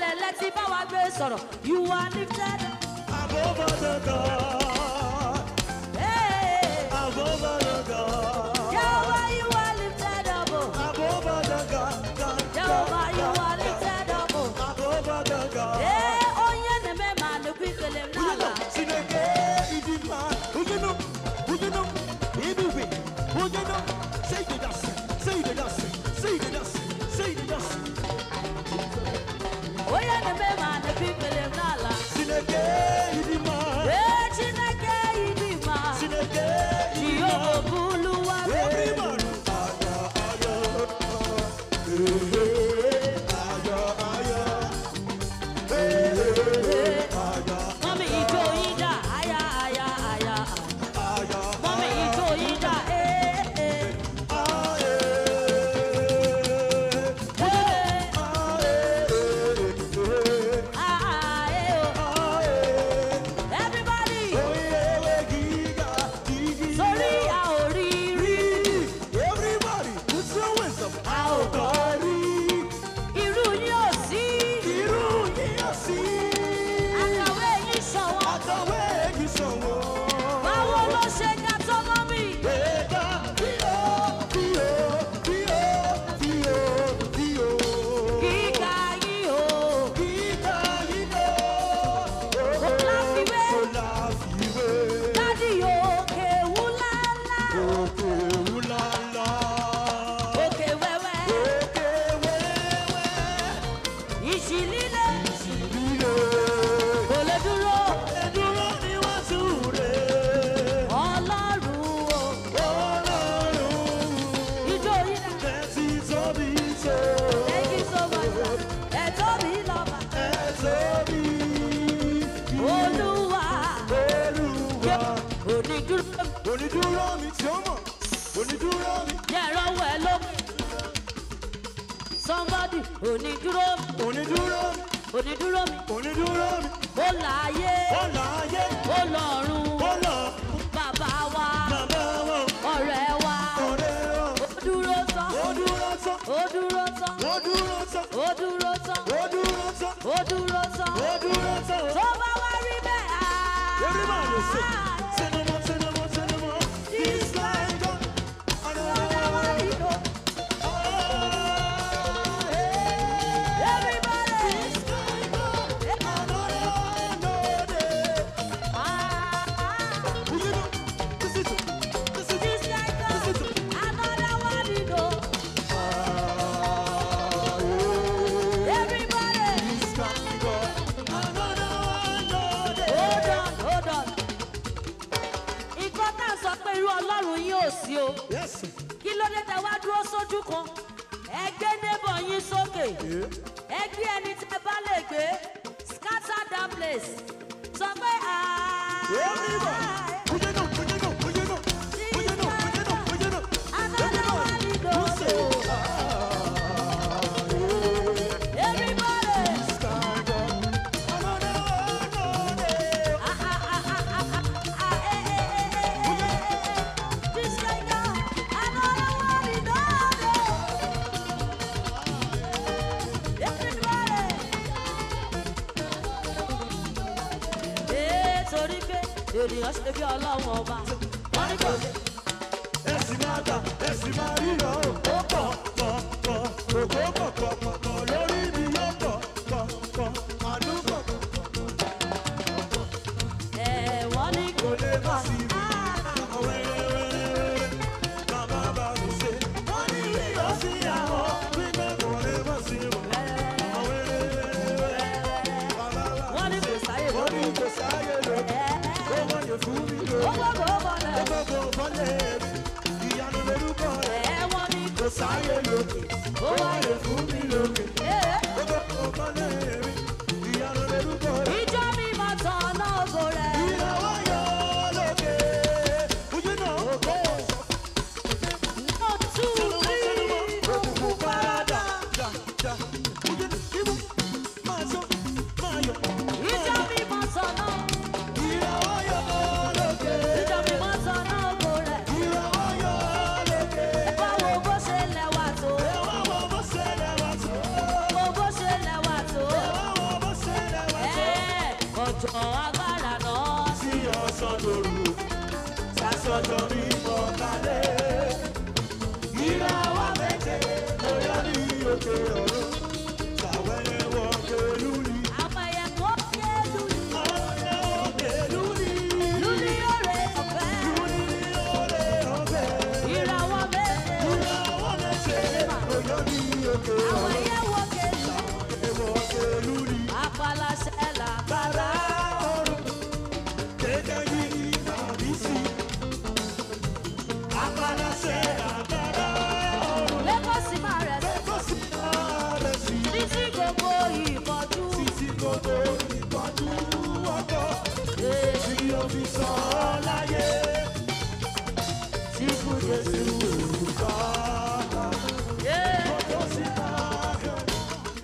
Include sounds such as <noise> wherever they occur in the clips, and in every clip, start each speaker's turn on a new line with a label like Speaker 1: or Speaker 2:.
Speaker 1: Let tí bá wa gbé sọ̀rọ̀ you are lifted. above the dark. ènìyàn ṣe bí ọlọ́wọ́n ọba. wọ́n ní kò sí. ẹ sì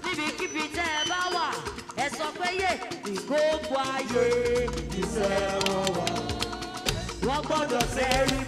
Speaker 2: níbikíbi tẹ́ ẹ bá wà
Speaker 1: ẹ sọ pé yé ìgbógun ayé ìṣẹ́ wọn wà. wọ́n gbọ́dọ̀ sẹ́rí.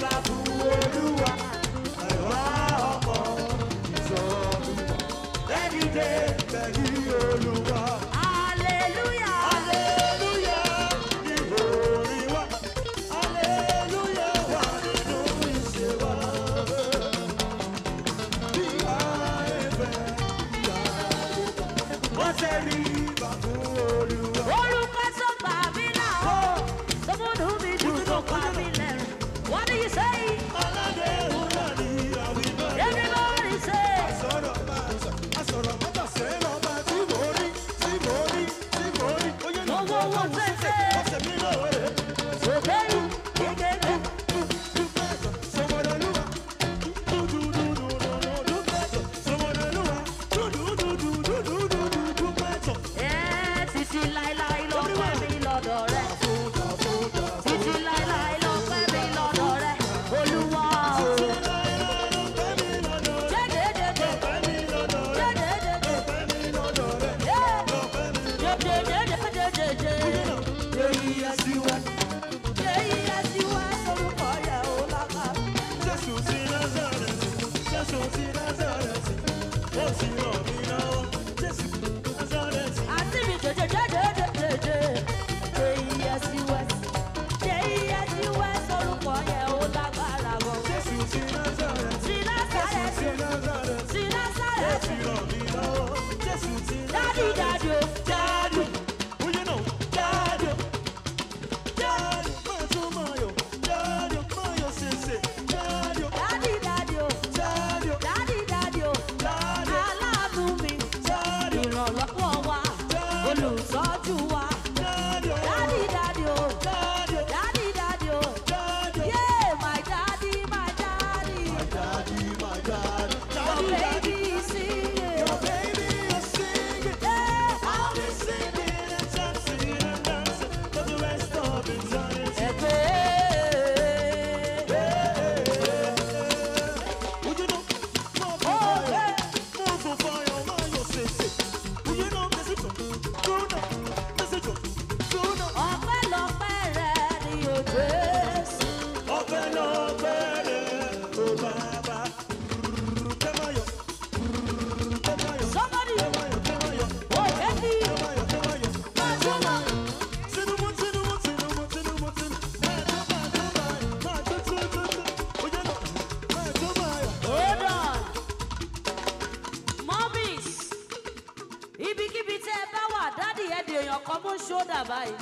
Speaker 1: di èèyàn kan mú ṣódà báyìí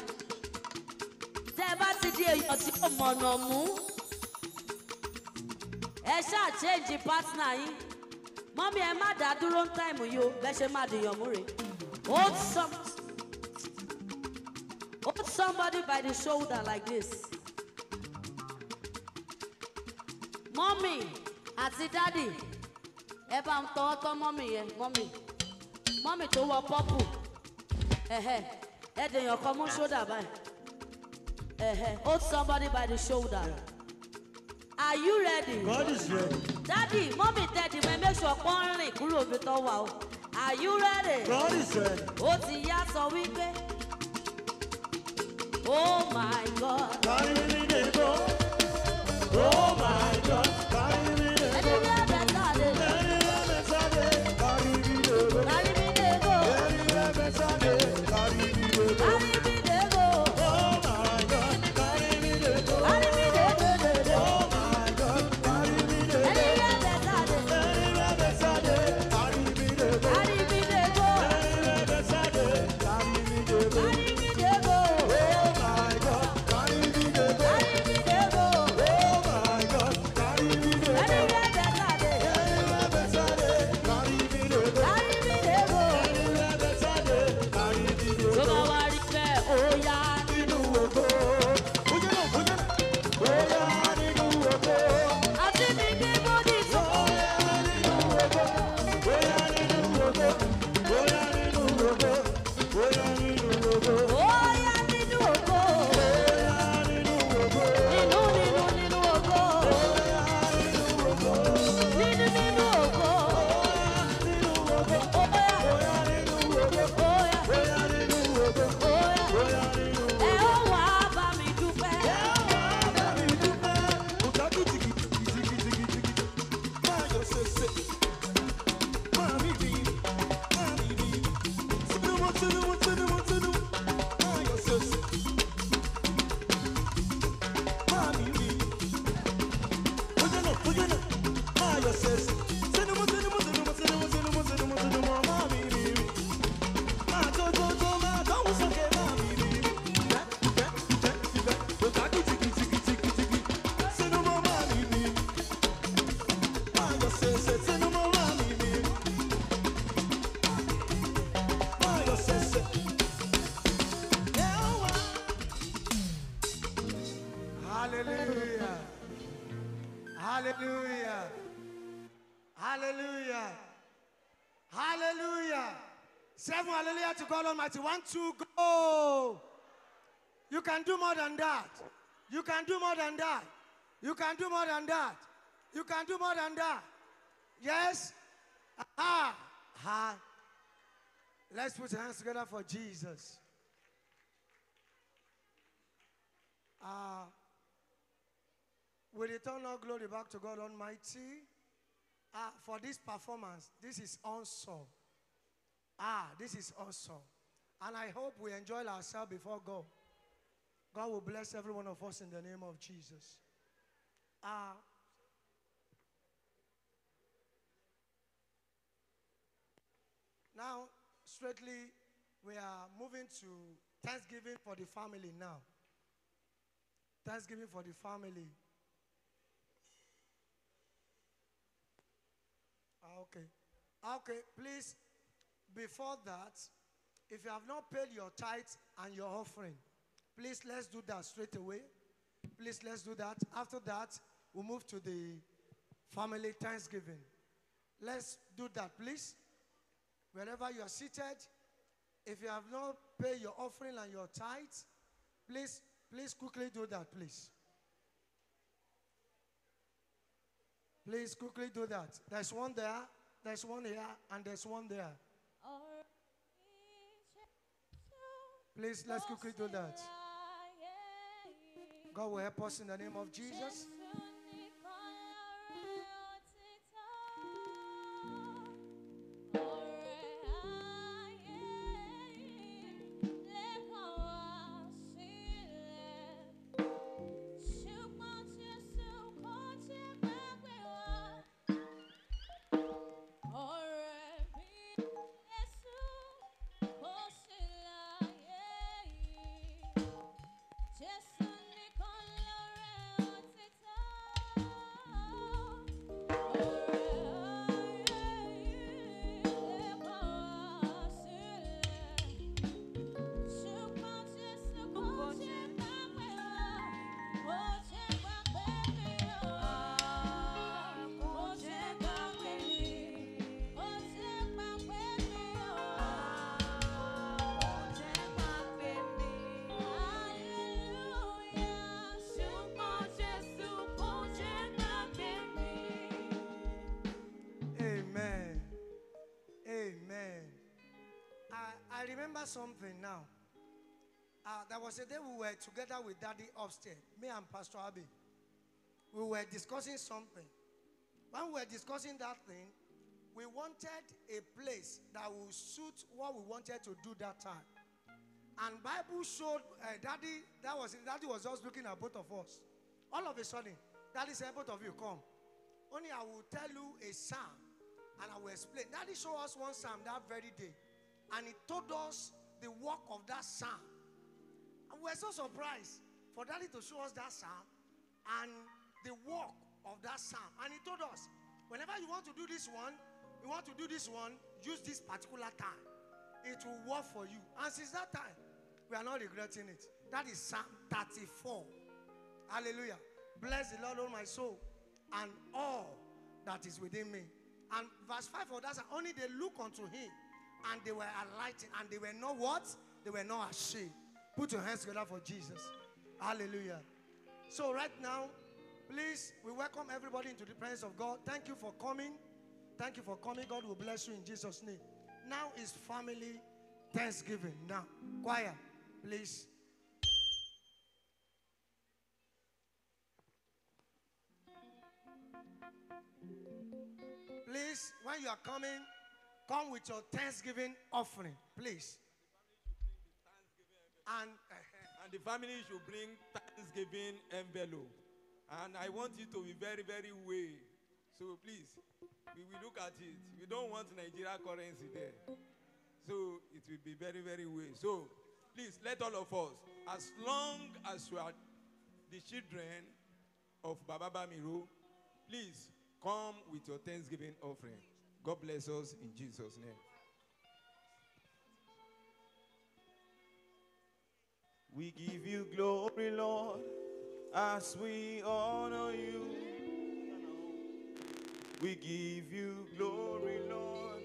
Speaker 1: tẹ́ bá ti di èèyàn tí kò mọ̀nà mú ẹ ṣáà change partner yín mọ́mí ẹ má dá dúró ń táìmù yìí o bẹ́ẹ̀ ṣe má dìyàn mú rè hold some hold somebody by the shoulder like this mọ́mí àti dádì ẹ bá ń tọwọ́ tọ́ mọ́mí yẹn mọ́mí mọ́mí tó wọ pọ́pù. Eh eh, ẹ dèèyàn kan mú eh eh. hold somebody by the shoulder are you ready. God is ready. Daddy, mommy, daddy, mẹ́ make sure pọ́n rìn kúrò mi tọ́ are you ready. God is ready. ó ti yá sọ wípé oh my God. kọrin ní ìdìbò oh my God.
Speaker 2: Well,
Speaker 3: call Almighty. One, two, go. You can do more than that. You can do more than that. You can do more than that. You can do more than that. Yes? Aha. Aha. Let's put hands together for Jesus. Uh, ah. we return all glory back to God Almighty uh, for this performance. This is awesome. Ah, this is awesome. And I hope we enjoy ourselves before God. God will bless every one of us in the name of Jesus. Ah. now, straightly, we are moving to Thanksgiving for the family now. Thanksgiving for the family. Ah, okay. Ah, okay, please before that, if you have not paid your tithes and your offering, please let's do that straight away. Please let's do that. After that, we will move to the family thanksgiving. Let's do that, please. Wherever you are seated, if you have not paid your offering and your tithes, please, please quickly do that, please. Please quickly do that. There's one there, there's one here, and there's one there. Please, let's quickly do that. God will help us in the name of Jesus. remember something now. Uh, there was a day we were together with Daddy upstairs, me and Pastor Abby. We were discussing something. When we were discussing that thing, we wanted a place that would suit what we wanted to do that time. And Bible showed uh, Daddy, that was Daddy was just looking at both of us. All of a sudden, Daddy said, both of you come. Only I will tell you a psalm and I will explain. Daddy showed us one psalm that very day and he told us the work of that psalm. And we were so surprised for daddy to show us that psalm and the work of that psalm. And he told us, whenever you want to do this one, you want to do this one, use this particular time. It will work for you. And since that time, we are not regretting it. That is Psalm 34. Hallelujah. Bless the Lord, all my soul, and all that is within me. And verse 5 of that, only they look unto him and they were enlightened and they were not what? They were not ashamed. Put your hands together for Jesus. Hallelujah. So, right now, please, we welcome everybody into the presence of God. Thank you for coming. Thank you for coming. God will bless you in Jesus' name. Now is family thanksgiving. Now, choir, please. Please, when you are coming, Come with your thanksgiving offering, please. And, <laughs> and the family should bring thanksgiving envelope.
Speaker 4: And I want you to be very, very way. So please, we will look at it. We don't want Nigeria currency there. So it will be very, very way. So please, let all of us, as long as you are the children of Baba Bamiru, please come with your thanksgiving offering. God bless us in Jesus' name. We give you glory, Lord, as
Speaker 5: we honor you. We give you glory, Lord,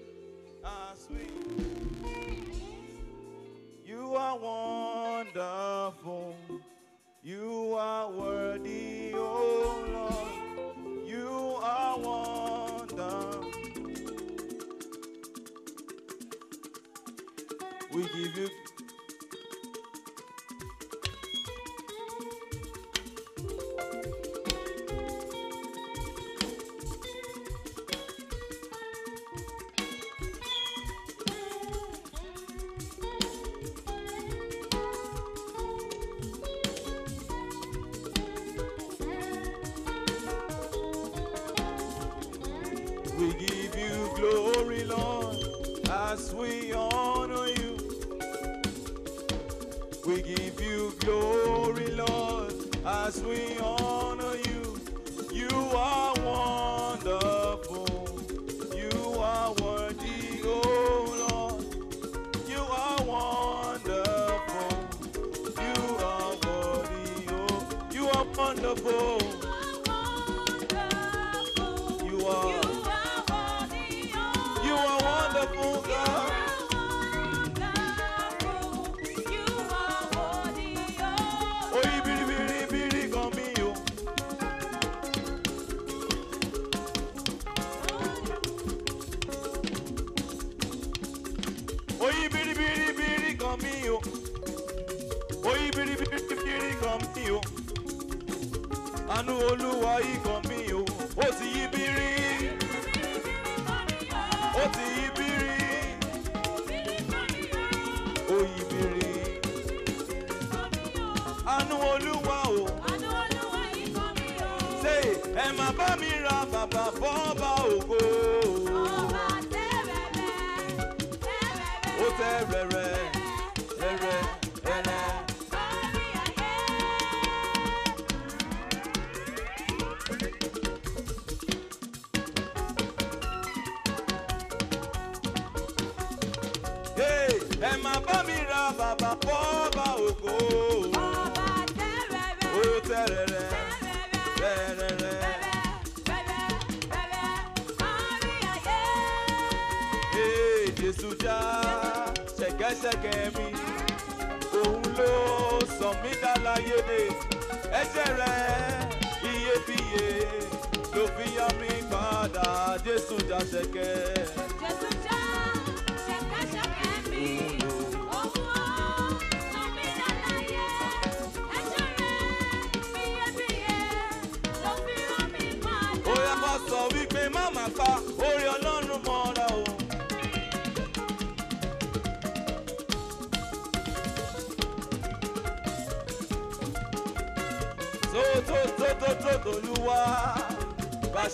Speaker 5: as we. You are wonderful. You are worthy. We give you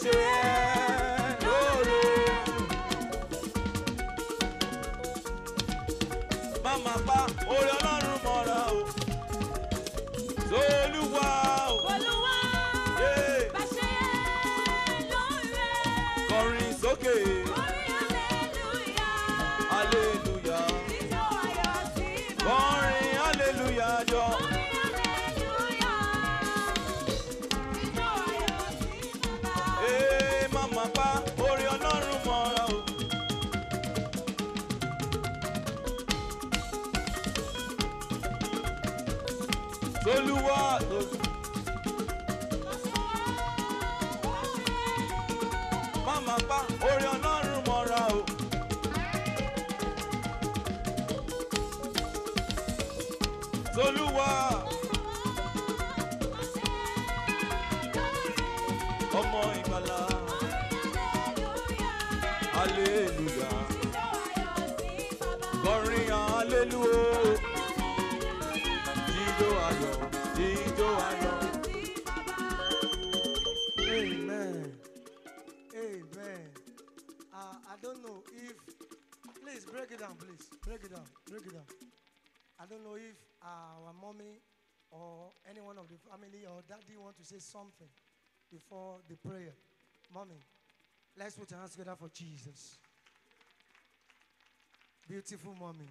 Speaker 5: 雪。
Speaker 3: please. Break it down. Break it down. I don't know if our mommy or anyone of the family or daddy want to say something before the prayer. Mommy, let's put our hands together for Jesus. Beautiful mommy.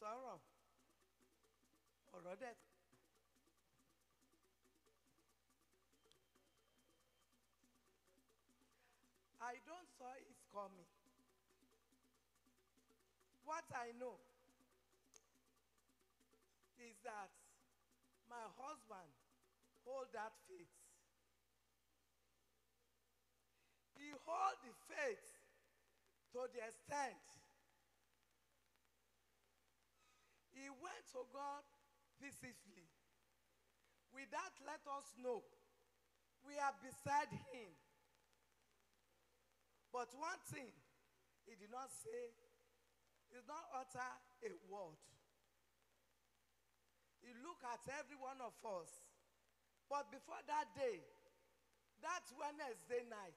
Speaker 6: kò or ọ̀rọ̀ dẹ̀. I don't saw it coming. What I know is that my husband hold that faith. He hold the faith to the extent He went to oh God physically. With that, let us know we are beside him. But one thing he did not say, he did not utter a word. He looked at every one of us. But before that day, that Wednesday night,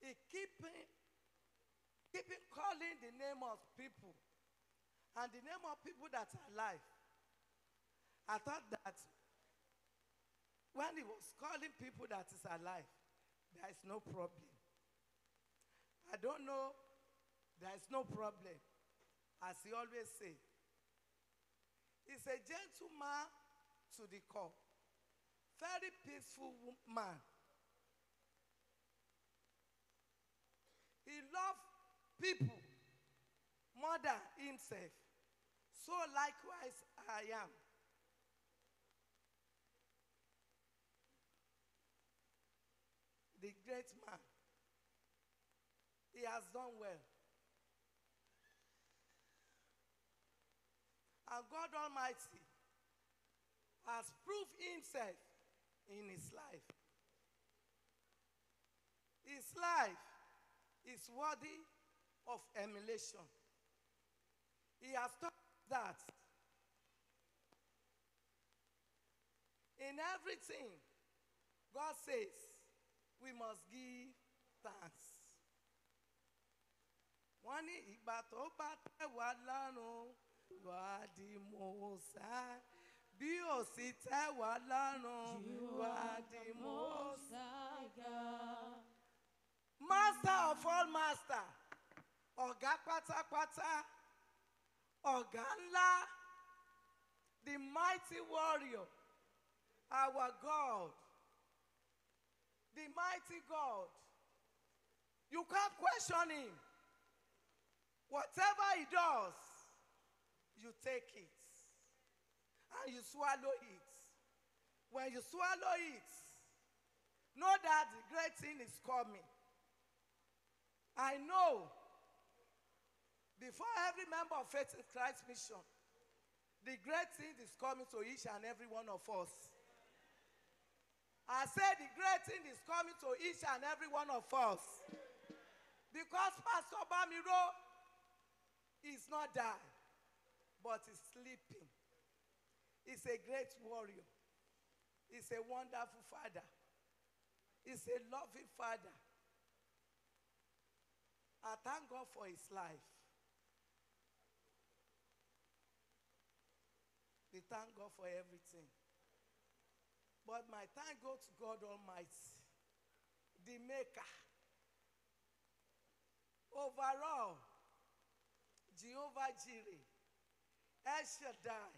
Speaker 6: he keeping keeping calling the name of people and the name of people that are alive, I thought that when he was calling people that is alive, there is no problem. I don't know, there is no problem. As he always say, he's a gentleman to the call, very peaceful man. He loves people more than himself. So likewise I am. The great man. He has done well. And God Almighty has proved himself in his life. His life is worthy of emulation. He has taught that in everything, God says we must give thanks. wọ́n ní ìgbà tó bá tẹ̀wá lọ́rùn bí ò sì tẹ̀wá lọ́rùn master of all master ọ̀gá pátápátá ọ̀gá the mighty warrior our God the mighty God you can't question him whatever he does you take it and you swallow it when you swallow it know that the great thing is coming I know before every member of Faith in Christ Mission, the great thing is coming to each and every one of us. I said the great thing is coming to each and every one of us. Because Pastor Bamiro is not dying, but is sleeping. He's a great warrior. He's a wonderful father. He's a loving father. I thank God for his life. They thank God for everything. But my thank God to God Almighty, the Maker. Overall, Jehovah Jireh, El Shaddai,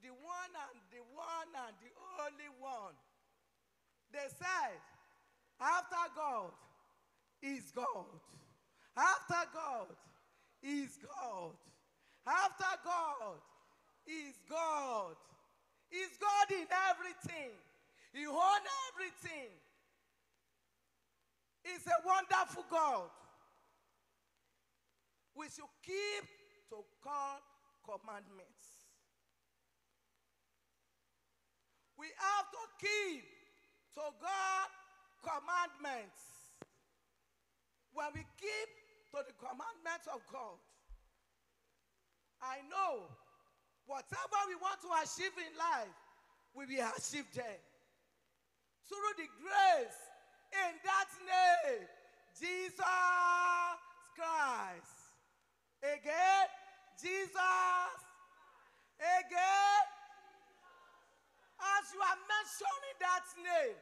Speaker 6: the one and the one and the only one. They said, after God is God. After God is God. After God is God. He's God in everything. He owns everything. He's a wonderful God. We should keep to God commandments. We have to keep to God commandments. When we keep to the commandments of God, I know Whatever we want to achieve in life, we will achieve there Through the grace in that name, Jesus Christ. Again, Jesus. Again, as you are mentioning that name,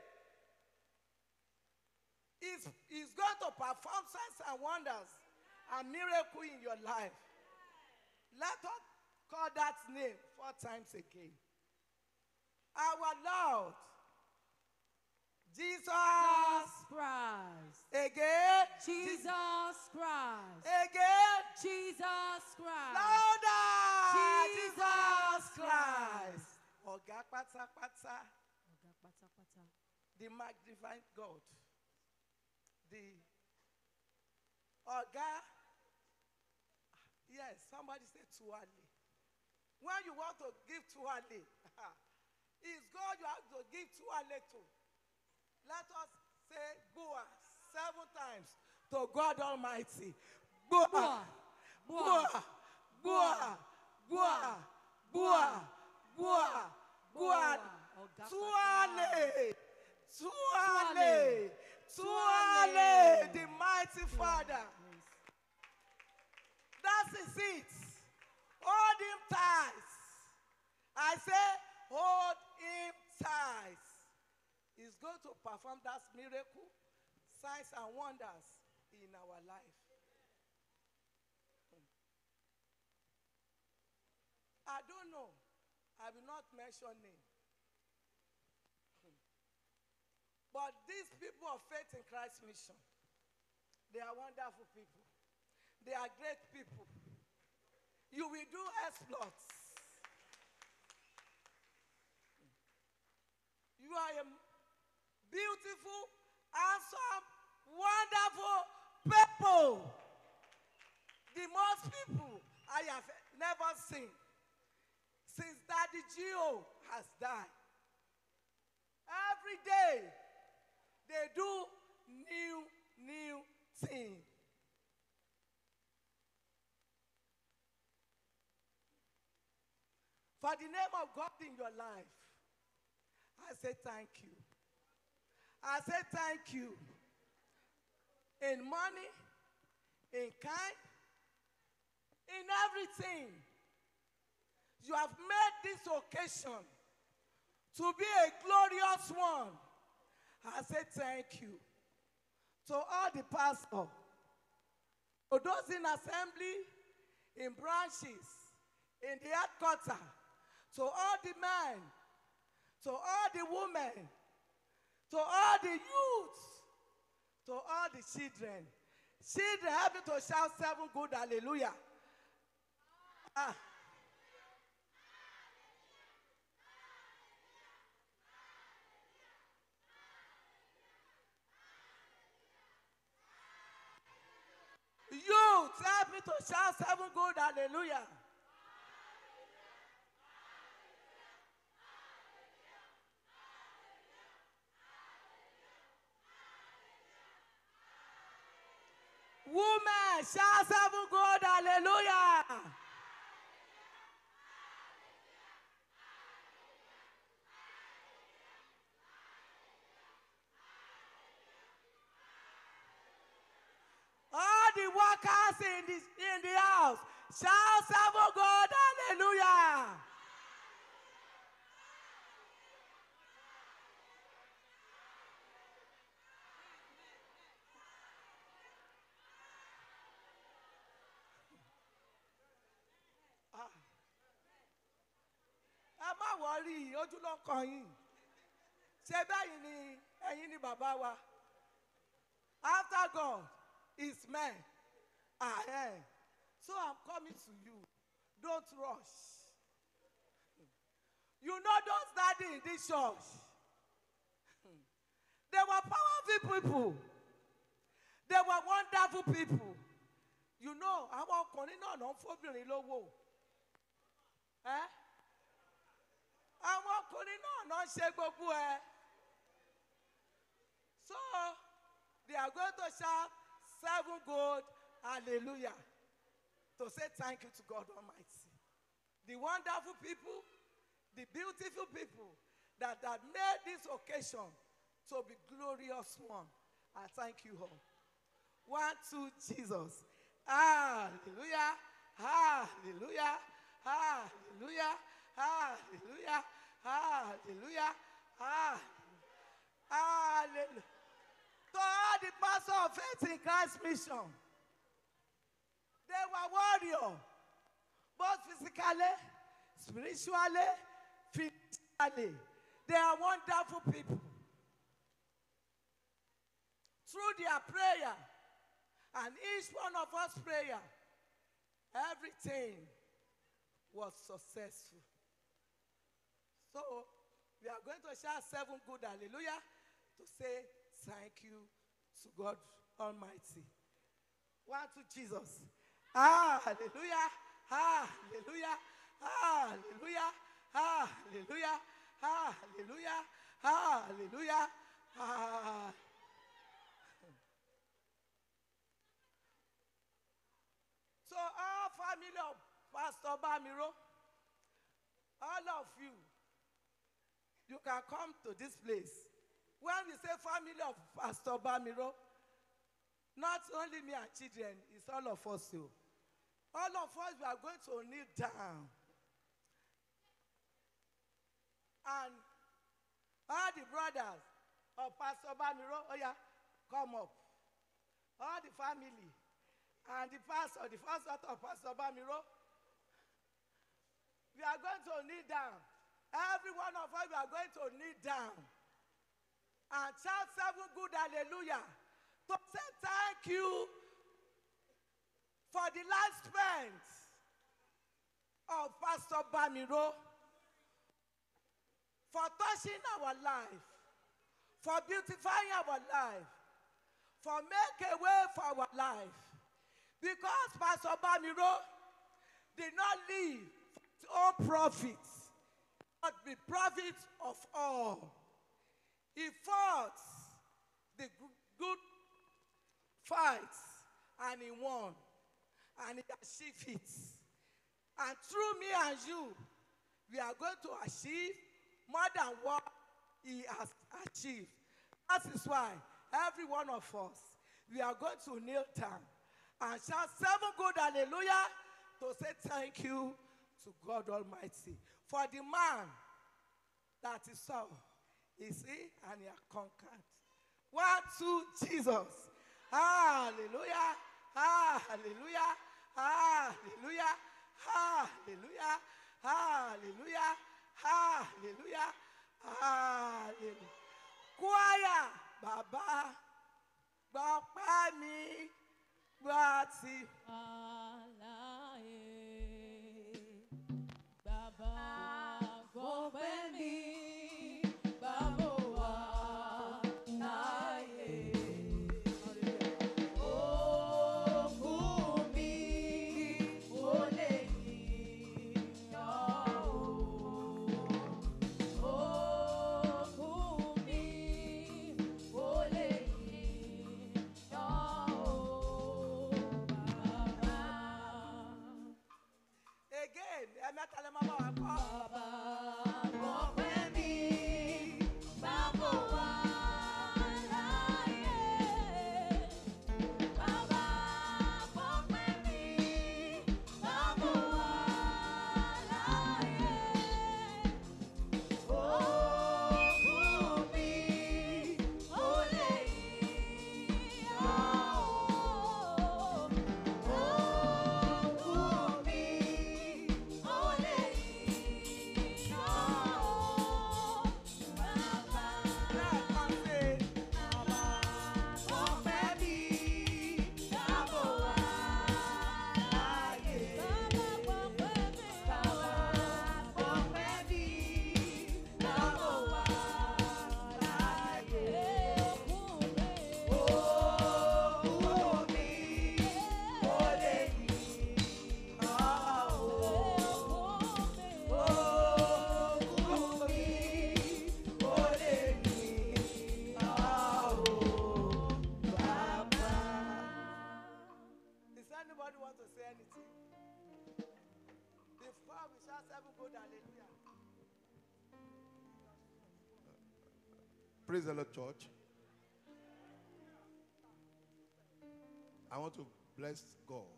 Speaker 6: is is going to perform signs and wonders and miracles in your life. Let us Call that name four times again. Our Lord Jesus, Christ. Again. Jesus Christ. Again. Jesus Christ. Louder. Jesus Christ. Oga, pata, pata. Oga, pata, pata. The magnified God. The Oga. Yes, somebody said Tuwale. When you want to give to early, is God you have to give to early to. Let us say "Boa" seven times to God Almighty. Boaz, Boaz, Boaz, Boaz, Boaz, Boaz, Boaz, Tuale, Tuale, Tuale, the mighty Father. That is it. Hold him tight. I say, hold him tight. He's going to perform that miracle, signs and wonders in our life. Hmm. I don't know. I will not mention name. Hmm. But these people of faith in Christ's mission, they are wonderful people. They are great people. You will do exploits. You are a beautiful, awesome, wonderful people. The most people I have never seen since Daddy Gio has died. Every day they do new, new things. for the name of God in your life. I say thank you. I say thank you. In money, in kind, in everything. You have made this occasion to be a glorious one. I say thank you to all the pastors, to those in assembly, in branches, in the headquarters, to all the men, to all the women, to all the youths, to all the children. Children, help me to shout seven good hallelujah. Ah. Youth, help me to shout seven good hallelujah. Woman, shall serve God. Hallelujah. All the workers in, this, in the house shall serve wọ́ọ̀rì ojú kàn yín ṣé bẹ́ẹ̀ ni ẹ̀yin ni bàbá wa after God is man ah am so I'm coming to you don't rush you know those daddy in this church they were powerful people they were wonderful people you know àwọn ọkùnrin náà ló ń fóbìnrin lówó. Eh? àwọn ọkùnrin náà náà ṣe gbogbo ẹ. So they are going to shout seven gold hallelujah to say thank you to God Almighty. The wonderful people, the beautiful people that, that made this occasion to be glorious one. I thank you all. One, two, Jesus. Hallelujah. Hallelujah. Hallelujah. Hallelujah. Hallelujah. Hallelujah. To all the pastor of faith in Christ mission, they were warriors, both physically, spiritually, physically. They are wonderful people. Through their prayer, and each one of us prayer, everything was successful. So we are going to share seven good hallelujah to say thank you to God Almighty. One to Jesus. Hallelujah. Hallelujah. Hallelujah. Hallelujah. Hallelujah. Hallelujah. Hallelujah. So all family of Pastor Bamiro, all of you, you can come to this place. When we say family of Pastor Bamiro, not only me and children, it's all of us too. All of us, we are going to kneel down. And all the brothers of Pastor Bamiro, oh yeah, come up. All the family and the pastor, the first daughter of Pastor Bamiro, we are going to kneel down. Every one of us, we are going to kneel down and shout seven good hallelujah to say thank you for the last spent of Pastor Bamiro for touching our life, for beautifying our life, for making a way for our life. Because Pastor Bamiro did not live for his own profits the profit of all. He fought the good fight and he won and he achieved it. And through me and you, we are going to achieve more than what he has achieved. That is why every one of us, we are going to kneel down and shout seven good hallelujah to say thank you to God Almighty for the man that is so. You see, and you are conquered. One, two, Jesus. Hallelujah. Hallelujah. Hallelujah. Hallelujah. Hallelujah. Hallelujah. Hallelujah. Choir, Baba, Baba,
Speaker 2: me, Bati.
Speaker 7: Praise the Lord, church. I want to bless God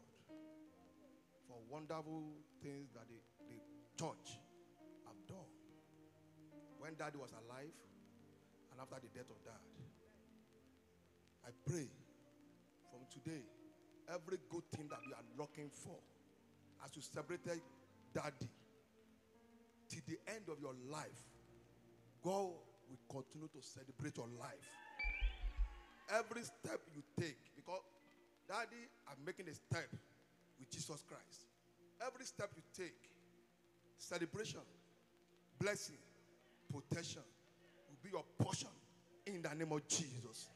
Speaker 7: for wonderful things that the, the church have done. When daddy was alive and after the death of dad, I pray from today, every good thing that you are looking for, as you celebrated daddy, till the end of your life, go continue to celebrate your life. Every step you take, because Daddy, I'm making a step with Jesus Christ. Every step you take, celebration, blessing, protection will be your portion in the name of Jesus.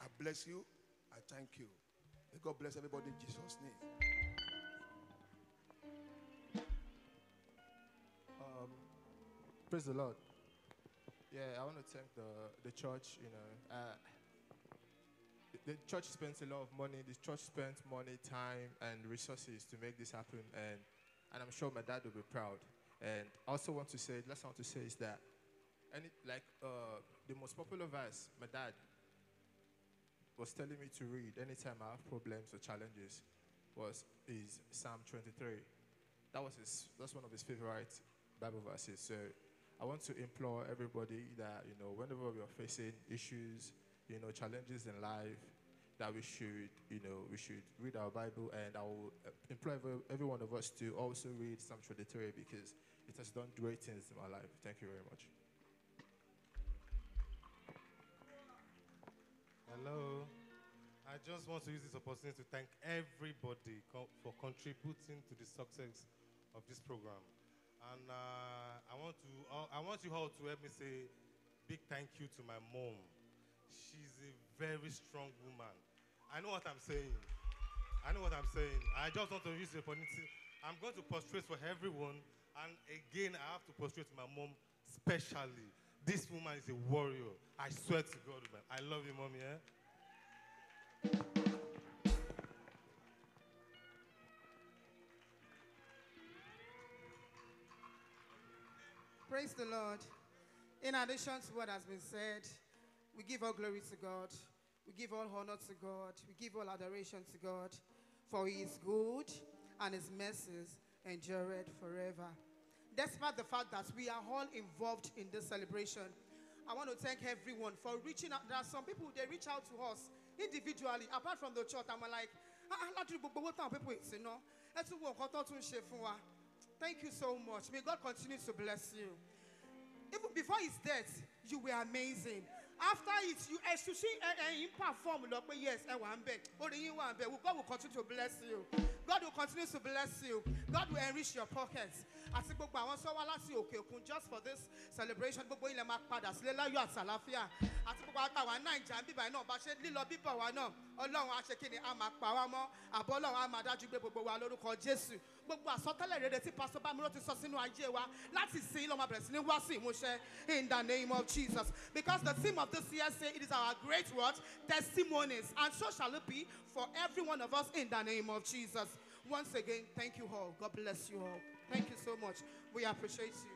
Speaker 7: I bless you. I thank you. May God bless everybody in Jesus' name.
Speaker 8: Um, praise the Lord. Yeah, I want to thank the, the church, you know. Uh, the church spends a lot of money. The church spends money, time, and resources to make this happen. And, and I'm sure my dad will be proud. And I also want to say, last thing I want to say is that, and like uh, the most popular verse, my dad was telling me to read anytime I have problems or challenges, was is Psalm 23. That was his. That's one of his favorite Bible verses. So I want to implore everybody that, you know, whenever we are facing issues, you know, challenges in life, that we should, you know, we should read our Bible and I will uh, implore every, one of us to also read Psalm 23 because it has done great things in my life. Thank you very much. Hello.
Speaker 9: I just want to use this opportunity to thank everybody for contributing to the success of this program. And uh, I, want to, uh, I want you all to help me say big thank you to my mom. She's a very strong woman. I know what I'm saying. I know what I'm saying. I just want to use the opportunity. I'm going to prostrate for everyone. And again, I have to prostrate my mom specially. This woman is a warrior. I swear to God, man. I love you, mommy. Yeah.
Speaker 10: Praise the Lord. In addition to what has been said, we give all glory to God. We give all honor to God. We give all adoration to God. For he is good and his mercies endureth forever. Despite the fact that we are all involved in this celebration, I want to thank everyone for reaching out. There are some people, they reach out to us individually, apart from the church. I'm like, ah, people, you know. Thank you so much. May God continue to bless you. Even before his death, you were amazing. After it, you exude eh, and eh, eh, perform. Lord, but yes, I want back. Only you want back. God will continue to bless you. God will continue to bless you. God will enrich your pockets àti gbogbo àwọn tó wá láti òkè òkun just for this celebration gbogbo ilẹ̀ máa padà sílé láyọ̀ àti àlàáfíà àti gbogbo àtàwọn nàìjà ń bíbáyìí náà bá ṣe lílọ bíbọ̀ wa náà ọlọ́run aṣèkínni a máa pa wá mọ́ àbọ̀ ọlọ́run a máa dájú gbé gbogbo wa lórúkọ jésù gbogbo àsọtẹ́lẹ̀ rere tí pásítọ̀ bámiró ti sọ sínú ayé wa láti sin lọ́mọ bẹ̀rẹ̀ sí ní wá sí ìmúṣẹ in the name of jesus because the theme of this year say it is our great word testimonies and so shall it be for every one of us in the name of jesus once again thank you all god bless you all. Thank you so much. We appreciate you.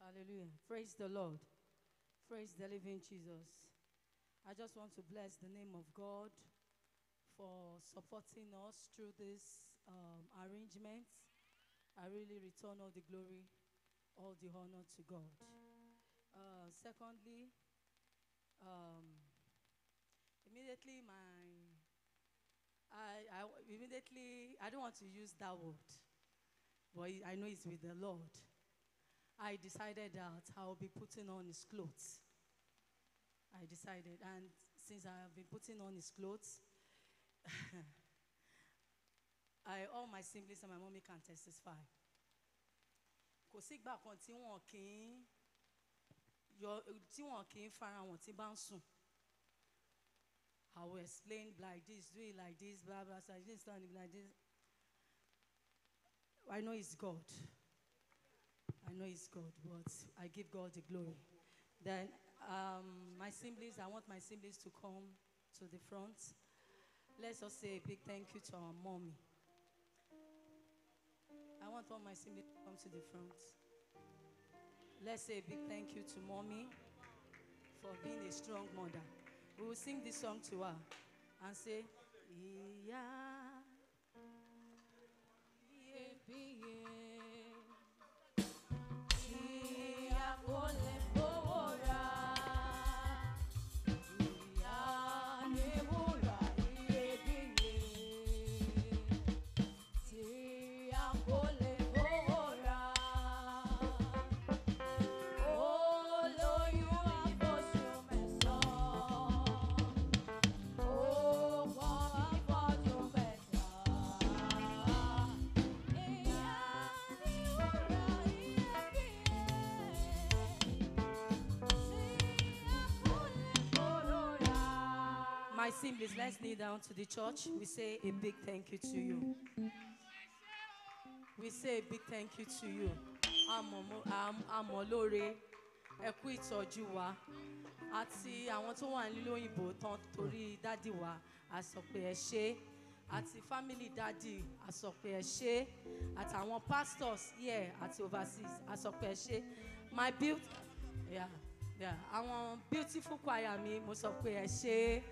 Speaker 11: Hallelujah. Praise the Lord. Praise the living Jesus. I just want to bless the name of God for supporting us through this um, arrangement. I really return all the glory, all the honor to God. Uh, secondly, um, immediately my, I, I, immediately, I don't want to use that word, but I know it's with the Lord. I decided that I'll be putting on his clothes. I decided, and since I have been putting on his clothes, <laughs> I, all my siblings and my mommy can testify. Kò continue walking yọ tí wọn kì í fara wọn tí bá ń sùn I will explain like this do it like this blah blah blah this and like this I know it's God I know it's God but I give God the glory then um, my siblings I want my siblings to come to the front let's just say a big thank you to our mommy I want all my siblings to come to the front. Let's say a big thank you to mommy for being a strong mother. We will sing this song to her and say, Yeah. Yeah, yeah. Yeah, team, please let's kneel down to the church. We say a big thank you to you. We say a big thank you to you. Àmọ̀ lóore, ẹ kú ìtọ́jú wa, àti àwọn tó wà nílò òyìnbó tán torí daddy wa, a sọ pé ẹ ṣé, àti family daddy a sọ pé ẹ ṣé, àtàwọn pastors here àti overseas, a sọ pé ẹ ṣé. My beautiful yeah, yeah, àwọn beautiful choir mi, mo sọ pé ẹ ṣé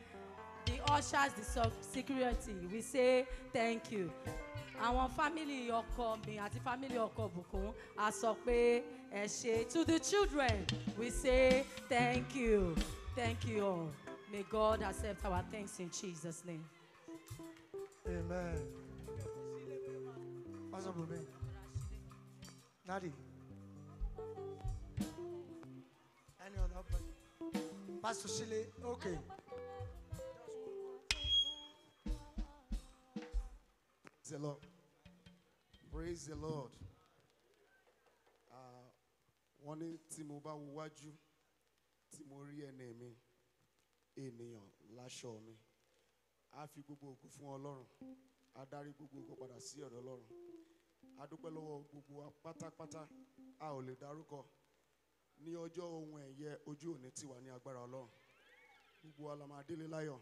Speaker 11: the ushers, the security, we say thank you. Àwọn family ọkọ mi àti family ọkọ Bùkún a sọ pé ẹ ṣe. To the children, we say thank you. Thank you all. May God accept our thanks in Jesus' name. Amen. Honorable me.
Speaker 3: Daddy. Any other Pastor Shile, okay.
Speaker 12: the Lord. Praise the Lord. Ah, wọ́n ní tí mo bá wájú tí mo rí ẹni mi ènìyàn láṣọ mi. A fi gbogbo ògo fún Ọlọ́run. A darí gbogbo ògo padà sí ọ̀dọ̀ Ọlọ́run. A dúpẹ́ lọ́wọ́ gbogbo wa pátápátá. A ò lè dárúkọ. Ní ọjọ́ ohun ẹ̀yẹ ojú òní tiwa ní agbára Ọlọ́run. Gbogbo wa la máa délé láyọ̀.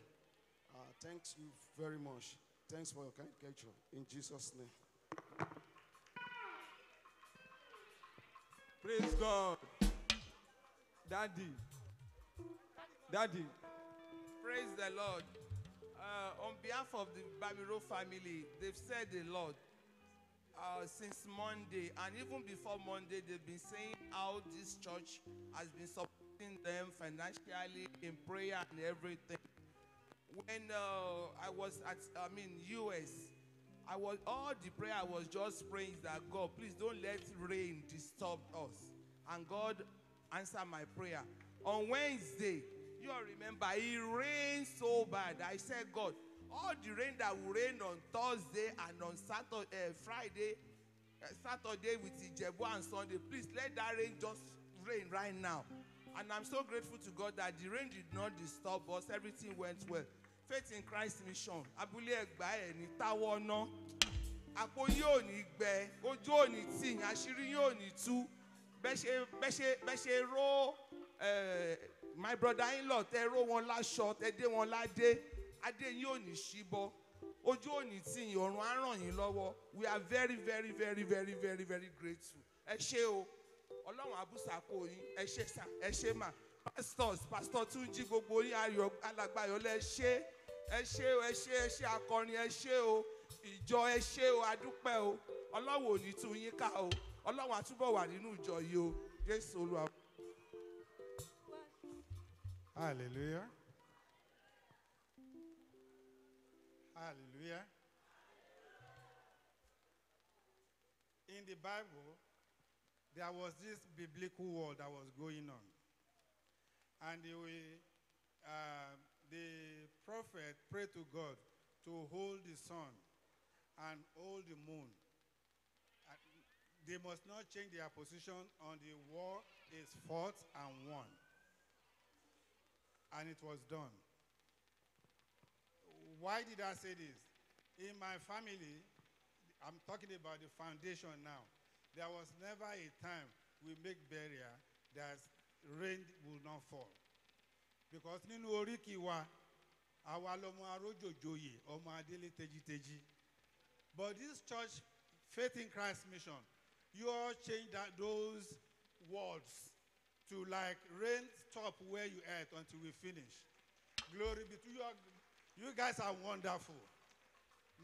Speaker 12: Ah, thanks you very much. Thanks for your kind gesture. In Jesus' name. Praise God.
Speaker 4: Daddy. Daddy. Praise the Lord. Uh,
Speaker 7: on behalf of the Babiro family, they've said a lot uh, since Monday. And even before Monday, they've been saying how this church has been supporting them financially in prayer and everything when uh, I was at, I mean, US, I was all the prayer I was just praying is that God, please don't let rain disturb us. And God answered my prayer. On Wednesday, you all remember, it rained so bad. I said, God, all the rain that will rain on Thursday and on Saturday, uh, eh, Friday, uh, Saturday with Ijebu and Sunday, please let that rain just rain right now. And I'm so grateful to God that the rain did not disturb us. Everything went well. faith in christ mission abúlé ẹgbàá ẹ ní táwọ ná àpò yóò ní gbẹ ojú ò ní tì àṣírí yóò ní tú bẹ́ṣe bẹ́ṣe bẹ́ṣe ró my brother in law tẹ ró wọn láṣọ tẹ dé wọn ládé adé yóò ní ṣíbọ ojú ò ní tì yín ọ̀run á ràn yín lọ́wọ́ we are very very very very very very grateful ẹ ṣé o ọlọ́run àbúsàkó yín ẹ ṣé sà ẹ ṣé mà pastors pastor túnjí gbogbo yín ayọ̀ alàgbàyọ̀ lẹ ṣé. akorin o ẹ ṣé o ìjọ ẹ ṣé o adúpẹ́ tú yín ká o ọlọ́wọ́ àtúbọ̀ wà nínú ìjọ yìí o jésù olúwa.
Speaker 9: hallelujah hallelujah in the bible there was this biblical war that was going on and the way. Uh, the prophet prayed to God to hold the sun and hold the moon. And they must not change their position on the war is fought and won. And it was done. Why did I say this? In my family, I'm talking about the foundation now. There was never a time we make barrier that rain will not fall. Because nínú oríkì àwa lọmọ arójòjòyè ọmọ adélé teji. but this church faith in christ mission you all change that, those words to like rain stop where you at until we finish glory be to you you guys are wonderful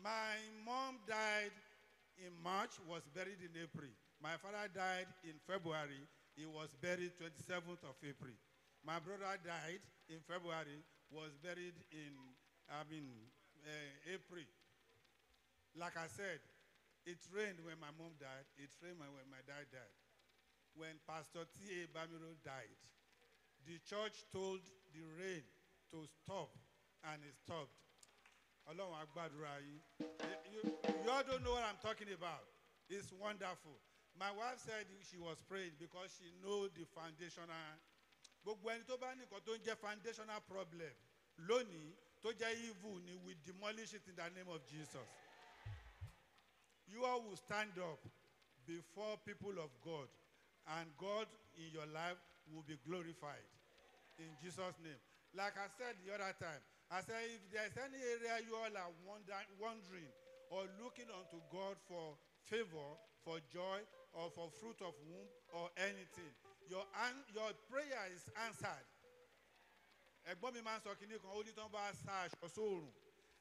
Speaker 9: my mom died in march was buried in april my father died in february he was buried 27th of april my brother died in february was buried in, I mean, uh, April. Like I said, it rained when my mom died. It rained when my dad died. When Pastor T.A. Bamiro died, the church told the rain to stop, and it stopped. Ọlọ́run agbàdúrà yín. You all don't know what I'm talking about. It's wonderful. My wife said she was praying because she knew the foundational gbogbo ẹni tó bá ní nǹkan tó ń jẹ́ foundational problem lónìí tó jẹ́ evil ni we demolish it in the name of Jesus you all will stand up before people of God and God in your life will be glorified in Jesus name like I said the other time I said if there is any area you all are wonder, wondering or looking unto God for favor for joy or for fruit of womb or anything your, an, your prayer is answered. Ẹ̀gbọ́n mi máa ń sọ kinní kan, ó ní bá sa aṣọ sóòrùn.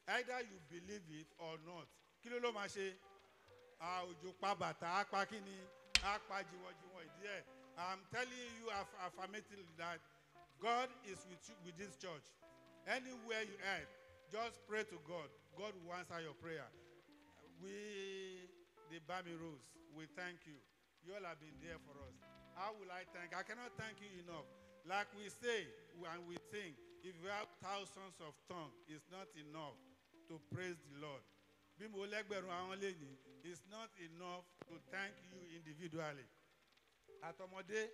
Speaker 9: Either you believe it or not. Kí ló ló máa ṣe? Àwùjọ pa bàtà, á pa kíni, á pa jìwọ̀jìwọ̀ ìdí i I'm telling you affirmatively that God is with you with this church. Anywhere you are, just pray to God. God will answer your prayer. We, the Bami Rose, we thank you. You all have been there for us. How will I thank? I cannot thank you enough. Like we say and we think, if we have thousands of tongues, it's not enough to praise the Lord. Bí mo lẹ́gbẹ̀rún it's not enough to thank you individually. Àtọmọdé,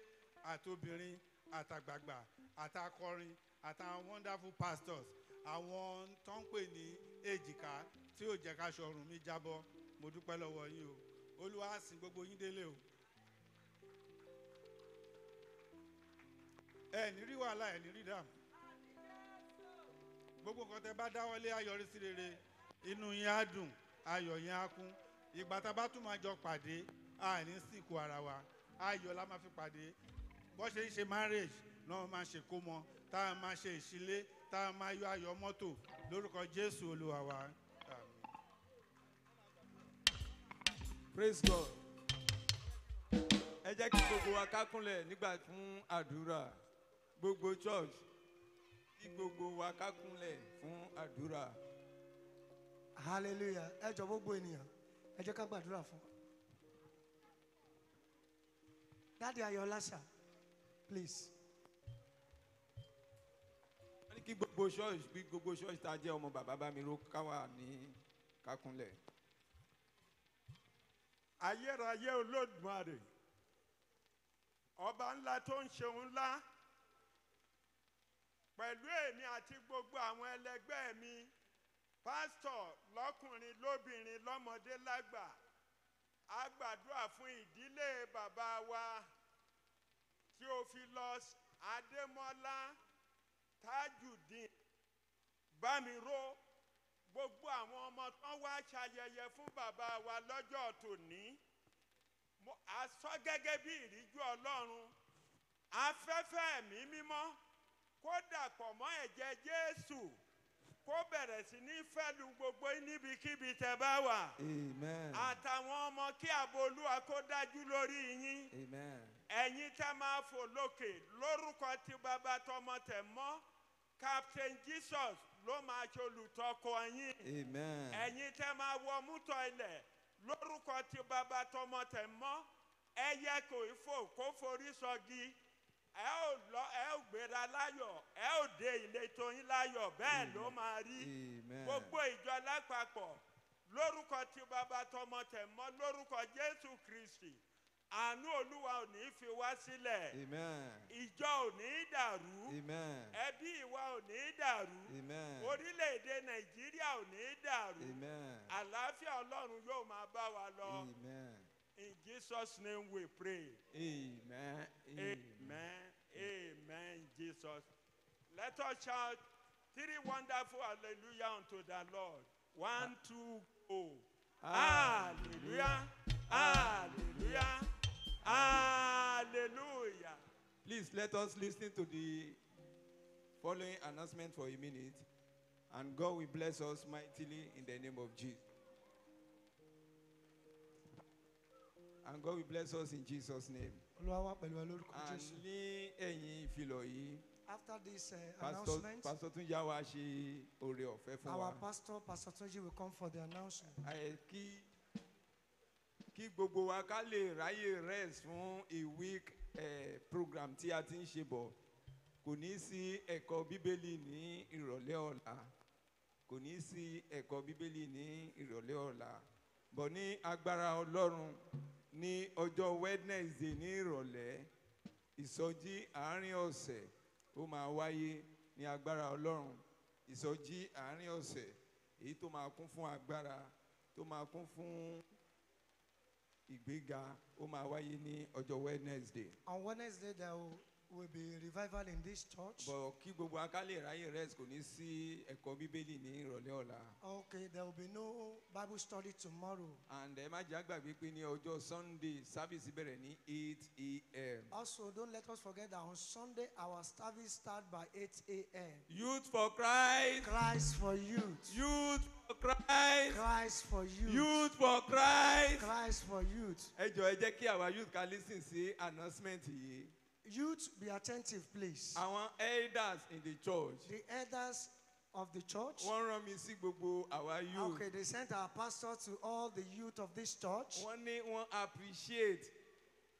Speaker 9: àtobìnrin, àtàgbàgbà, àtakọrin, àtàwọn wonderful pastors, I want ń ni ní èjìká tí jabo, jẹ́ ká ṣọrùn mi jábọ́. Mo ẹ ní rí wàhálà ẹ ní rí dààmú gbogbo nǹkan tẹ bá dáwọ́lé ayọrí sí rere inú yín á dùn ayọ̀ yín á kún ìgbà tá a bá tún máa jọ pàdé a sìnkú ara wa ayọ̀ la máa fi pàdé bó ṣe ń ṣe marriage náà máa ṣe kó mọ tá a máa ṣe ìṣílé tá a máa yọ ayọ̀ mọ́tò lórúkọ Jésù Olúwa wa. Praise God
Speaker 4: ẹ jẹ́ kí gbogbo wa kákúnlẹ̀ nígbà fún àdúrà gbogbo church kí gbogbo wa ká fún àdúrà.
Speaker 3: hallelujah ẹ jọ gbogbo ènìyàn ẹ jẹ́ ká gbàdúrà fún. dáàdi ayọ̀lá sà please.
Speaker 4: wọ́n ní kí gbogbo church bí gbogbo church tá a jẹ́ ọmọ bàbá bá mi ró káwà ní kákúnlẹ̀. ayérayé
Speaker 13: olódùmarè ọba ńlá tó ń ṣeun ńlá pẹ̀lú èmi àti gbogbo àwọn ẹlẹgbẹ́ mi pásítọ̀ lọ́kùnrin lóbìnrin lọ́mọdé lágbà a gbàdúrà fún ìdílé bàbá wa Theophilus Adémọ́lá Tajudeen Bámiró gbogbo àwọn ọmọ tán wá ṣayẹyẹ fún bàbá wa lọ́jọ́ tòní a sọ gẹ́gẹ́ bí ìríjú Ọlọ́run afẹ́fẹ́ mi mímọ́ kó dàpọ̀ mọ́ ẹ̀jẹ̀ Jésù kó bẹ̀rẹ̀ sí ní fẹ́lu gbogbo níbikíbi tẹ́ bá wà.
Speaker 2: Amen.
Speaker 13: àtàwọn ọmọ kí abolúwa kó dájú lórí yín. Amen. ẹ̀yin tẹ́ máa fò lókè lórúkọ tí bàbá tọmọ tẹ̀ mọ́ Captain Jesus ló máa ṣolùtọ́kọ yín. Amen. ẹ̀yin tẹ́ máa wọ mútọ̀ ilẹ̀ lórúkọ tí bàbá tọmọ tẹ̀ mọ́ ẹyẹ kò fò kó forí sọgi. So ẹ ò lọ ẹ ò gbéra láyọ̀ ẹ ò dé ìletò yín láyọ̀ bẹ́ẹ̀ ló máa rí gbogbo ìjọ lápapọ̀ lórúkọ tí bàbá tọmọ tẹ̀ mọ́ lórúkọ Jésù Kristi àánú olúwa ò ní fi wá sílẹ̀ ìjọ ò ní dàrú ẹbí ìwà ò ní dàrú orílẹ̀-èdè Nàìjíríà ò ní dàrú àlàáfíà Ọlọ́run yóò máa bá wa lọ. Amen. In Jesus' name we pray. Amen. Amen. Amen. Amen. Jesus. Let us shout three wonderful hallelujah unto the Lord. One, two, oh. Hallelujah. Hallelujah.
Speaker 4: Hallelujah. Please let us listen to the following announcement for a minute. And God will bless us mightily in the name of Jesus. and God will bless us in Jesus name.
Speaker 3: Olúwa pẹ̀lú ẹ lórúkọ
Speaker 4: Jésù. and ní ẹ̀yìn ìfilọ̀ yìí.
Speaker 3: after this uh, pastor, announcement. pastor
Speaker 4: Tunji wa ṣe oore ọ̀fẹ́ fún wa. our
Speaker 3: pastor pastor Tunji will come for the announcement.
Speaker 4: kí kí gbogbo wa ká lè ráyè rest fún a week uh, program tí a ti ń ṣe bọ̀ kò ní sí ẹ̀kọ́ bíbélì ní ìrọ̀lẹ́ ọ̀la kò ní sí ẹ̀kọ́ bíbélì ní ìrọ̀lẹ́ ọ̀la bọ̀ ní agbára Ọlọ́run ní ọjọ́ Wednesday ní ìrọ̀lẹ́ ìsọjí àárín ọ̀sẹ̀ ó máa wáyé ní agbára Ọlọ́run ìsọjí àárín ọ̀sẹ̀ èyí tó máa kún fún agbára tó máa kún fún ìgbéga ó máa wáyé ní ọjọ́ Wednesday.
Speaker 3: On Wednesday there will be revival in this church.
Speaker 4: Bọ̀ kí gbogbo akálẹ̀ ráyè rest kò ní sí ẹ̀kọ́ Bíbélì ní ìrọ̀lẹ́ ọ̀la.
Speaker 3: Okay, there will be no Bible study tomorrow.
Speaker 4: And ẹ má jẹ́ àgbàgbé pé ní ọjọ́ Sunday service bẹ̀rẹ̀ ní eight a.m.
Speaker 3: Also, don't let us forget that on Sunday our service start by 8 a.m.
Speaker 4: Youth for Christ. Christ for youth. Youth for Christ. Christ for youth. Youth for Christ. Christ for youth. Ẹ jọ̀ọ́ ẹ jẹ́ kí àwa youth ká listen sí announcement yìí. Youth, be attentive, please.
Speaker 3: Àwọn elders in the church. The elders of the church. Wọ́n rán mi sí gbogbo àwa youth. Okay, they sent our pastor to all the youth of this church. Wọ́n ní wọ́n appreciate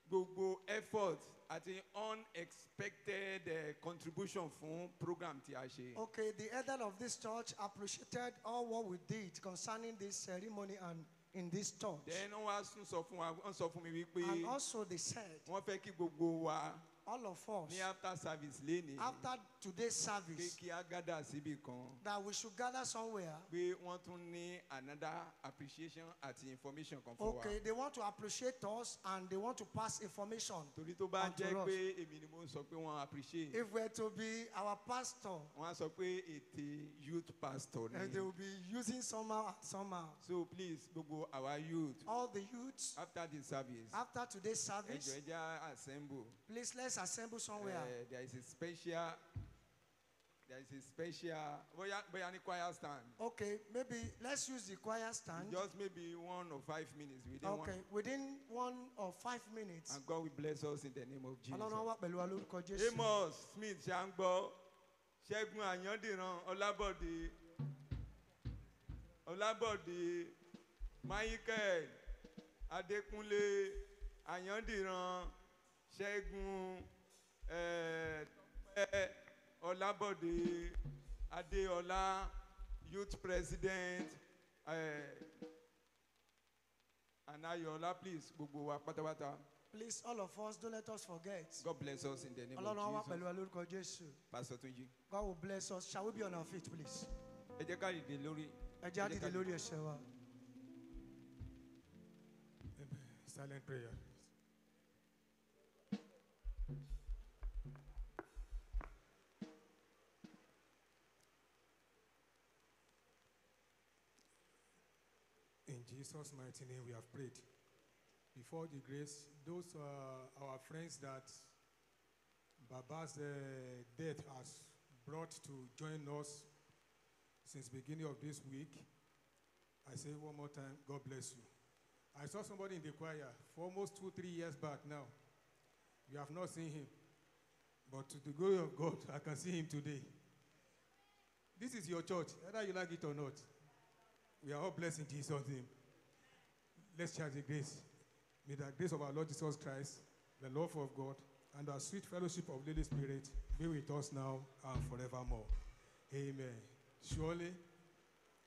Speaker 4: gbogbo effort àti unexpected uh, contribution fún program tí a ṣe.
Speaker 3: Okay, the elders of this church appreciated all what we did concerning this ceremony and in this church. Then
Speaker 4: wọ́n wá sọ fún wa, wọ́n sọ fún mi wípé. And also
Speaker 3: they said. Wọ́n fẹ́ kí gbogbo wa. all of us. ní
Speaker 4: after service leni after today's service. kí a gather síbi kan.
Speaker 3: that we should gather somewhere.
Speaker 4: We want to need another appreciation at the information kan okay
Speaker 3: they want to appreciate us and they want to pass information. torí tó bá jẹ́ pé èmi
Speaker 4: ni mo sọ pé wọ́n appreciate. if we are to be our pastor. wọ́n á sọ pé ètè youth pastor ni. and they will be using somehow somehow. so please gbogbo our youth. all the youths. after the service. after today's service. assemble. please let's. just assemble somewhere. Uh, there is a special. There is a special boya boya ni choir stand. Okay, maybe let's use the choir stand. Just maybe one or five minutes within okay, one. within one or five minutes. And God will bless us in the name of Jesus. Ọlọ́run wá pẹ̀lú wa lórúkọ Jésù. Amos Smith Ṣàǹgbọ́ Ṣẹ́gun Àyàndìran Ọlábọ̀dé Ọlábọ̀dé Michael Adekunle, Àyàndìran ṣẹ́gun ẹ̀ ọlábọ̀dé adéọlá youth president uh, anayola please gbogbo wa
Speaker 3: pátápátá. please all of us don't let us forget.
Speaker 4: God bless us in the name Ọlọ́run of Jesus. ọlọ́run wa pẹ̀lú wa lórúkọ Jésù. pastor Tunji.
Speaker 3: God will bless us shall we be on our feet please. ẹ jẹ́ ká dìde lórí. ẹ jẹ́ dìde lórí
Speaker 12: ẹsẹ̀ wa. silent prayer. Jesus' mighty name we have prayed. Before the grace, those uh, our friends that Baba's uh, death has brought to join us since beginning of this week, I say one more time, God bless you. I saw somebody in the choir for almost two, three years back now. You have not seen him. But to the glory of God, <laughs> I can see him today. This is your church, whether you like it or not. We are all blessed in Jesus' name. Let's share the grace. May the grace of our Lord Jesus Christ, the love of God, and our sweet fellowship of the Holy Spirit be with us now and forevermore. Amen. Surely,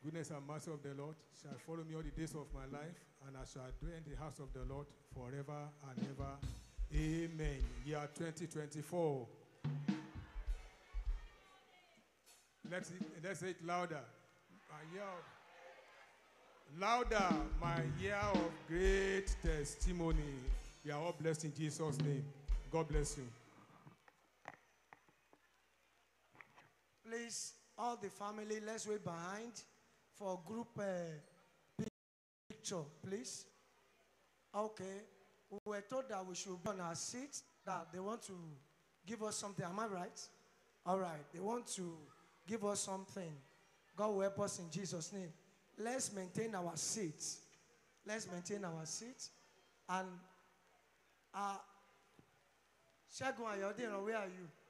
Speaker 12: goodness and mercy of the Lord shall follow me all the days of my life, and I shall dwell in the house of the Lord forever and ever. Amen. Year 2024. Let's, let's say it louder. A year Louder, my year of great testimony. We are all blessed in Jesus' name. God bless you.
Speaker 3: Please, all the family, let's wait behind for group uh, picture, please. Okay. We were told that we should be on our seats, that they want to give us something. Am I right? All right. They want to give us something. God will help us in Jesus' name. Let's maintain our seats. Let's maintain our seats. And uh, Shagun where are you?